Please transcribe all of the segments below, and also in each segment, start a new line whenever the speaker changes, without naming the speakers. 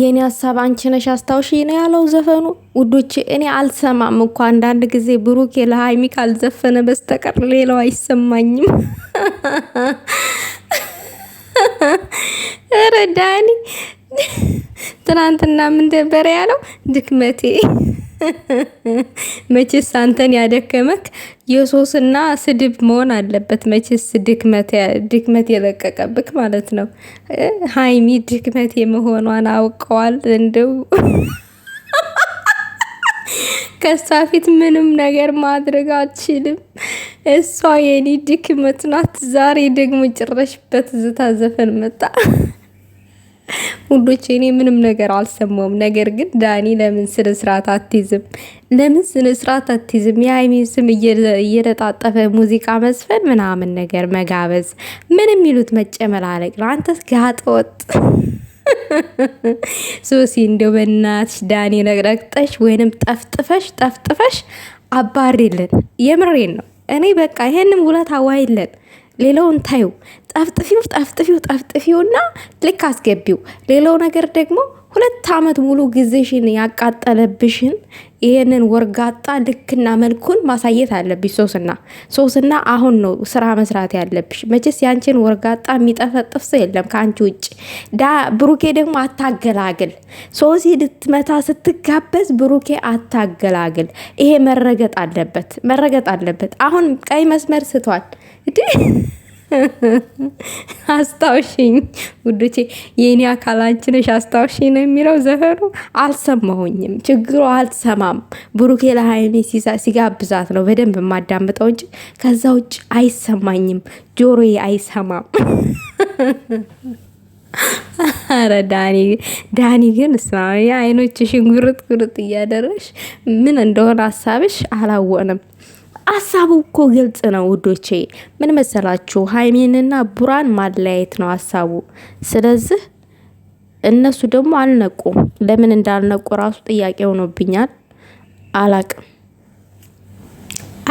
የኔ ሀሳብ አንቺ ነሽ አስታውሽ ነው ያለው ዘፈኑ። ውዶች እኔ አልሰማም እኮ አንዳንድ ጊዜ ብሩኬ ለሀይሚ ካልዘፈነ በስተቀር ሌላው አይሰማኝም። ረዳኒ ትናንትና ምንደበረ ያለው ድክመቴ መቼስ አንተን ያደከመክ የሶስና ስድብ መሆን አለበት። መቼስ ድክመት የለቀቀብክ ማለት ነው። ሀይሚ ድክመት የመሆኗን አውቀዋል። እንደው ከሷ ፊት ምንም ነገር ማድረግ አልችልም። እሷ የኔ ድክመት ናት። ዛሬ ደግሞ ጭረሽበት ዝታ ዘፈን መጣ። ውዶቼ እኔ ምንም ነገር አልሰማውም። ነገር ግን ዳኒ ለምን ስነ ስርዓት አትይዝም? ለምን ስነ ስርዓት አትይዝም? የሀይሚን ስም እየተጣጠፈ ሙዚቃ መዝፈን ምናምን ነገር መጋበዝ ምን የሚሉት መጨመላለቅ ነው። አንተስ ጋጠወጥ ሶሲ እንደው በእናትሽ ዳኒ ረግረግጠሽ ወይንም ጠፍጥፈሽ ጠፍጥፈሽ አባሪልን። የምሬን ነው። እኔ በቃ ይሄንም ውለት አዋይለን ሌላውን ታዩ ጣፍጥፊው ጣፍጥፊው ጣፍጥፊውና ልክ አስገቢው። ሌላው ነገር ደግሞ ሁለት ዓመት ሙሉ ጊዜሽን ያቃጠለብሽን ይህንን ወርጋጣ ልክና መልኩን ማሳየት አለብሽ ሶስና ሶስና አሁን ነው ስራ መስራት ያለብሽ መቼስ ያንቺን ወርጋጣ የሚጠፈጥፍ ሰው የለም ከአንቺ ውጭ ዳ ብሩኬ ደግሞ አታገላግል ሶሲ ልትመታ ስትጋበዝ ብሩኬ አታገላግል ይሄ መረገጥ አለበት መረገጥ አለበት አሁን ቀይ መስመር ስቷል እንዴ አስታውሽኝ ውዶቼ፣ የእኔ አካል አንቺ ነሽ አስታውሽኝ ነው የሚለው ዘፈኑ። አልሰማሁኝም፣ ችግሩ አልሰማም። ብሩኬ ለሀይሜ ሲጋብዛት ነው በደንብ የማዳምጠው እንጂ ከዛ ውጭ አይሰማኝም፣ ጆሮዬ አይሰማም። አረ ዳኒ ዳኒ ግን እስላማዊ አይኖችሽን ጉርጥ ጉርጥ እያደረሽ ምን እንደሆነ ሀሳብሽ አላወቅንም። አሳቡ እኮ ግልጽ ነው ውዶቼ። ምን መሰላችሁ? ሀይሚንና ቡራን ማለያየት ነው ሀሳቡ። ስለዚህ እነሱ ደግሞ አልነቁ ለምን እንዳልነቁ ራሱ ጥያቄ ሆኖብኛል። አላቅ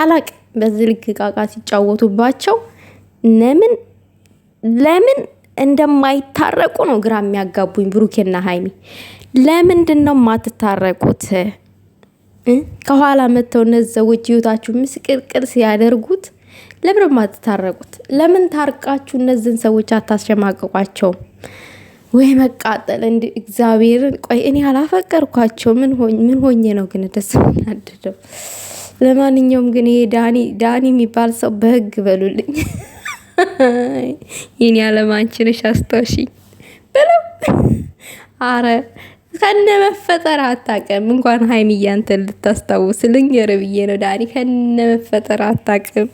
አላቅ በዚህ ልክ ቃቃ ሲጫወቱባቸው ለምን ለምን እንደማይታረቁ ነው ግራ የሚያጋቡኝ። ብሩኬና ሀይሚ ለምንድን ነው የማትታረቁት? ከኋላ መጥተው እነዚህ ሰዎች ህይወታችሁ ምስቅርቅር ሲያደርጉት ለምን አትታረቁት? ለምን ታርቃችሁ እነዚህን ሰዎች አታስሸማቀቋቸውም? ወይ መቃጠል እንዲ እግዚአብሔርን። ቆይ እኔ አላፈቀርኳቸው ምን ሆኜ ነው ግን ደስ ምናደደው? ለማንኛውም ግን ይሄ ዳኒ ዳኒ የሚባል ሰው በህግ በሉልኝ። ይህን ያለማንችንሽ አስታውሽኝ በለው አረ ከነ መፈጠር አታውቅም። እንኳን ሀይሚዬ አንተን ልታስታውስ ልንገር ብዬ ነው ዳኒ። ከነ መፈጠር አታቅም።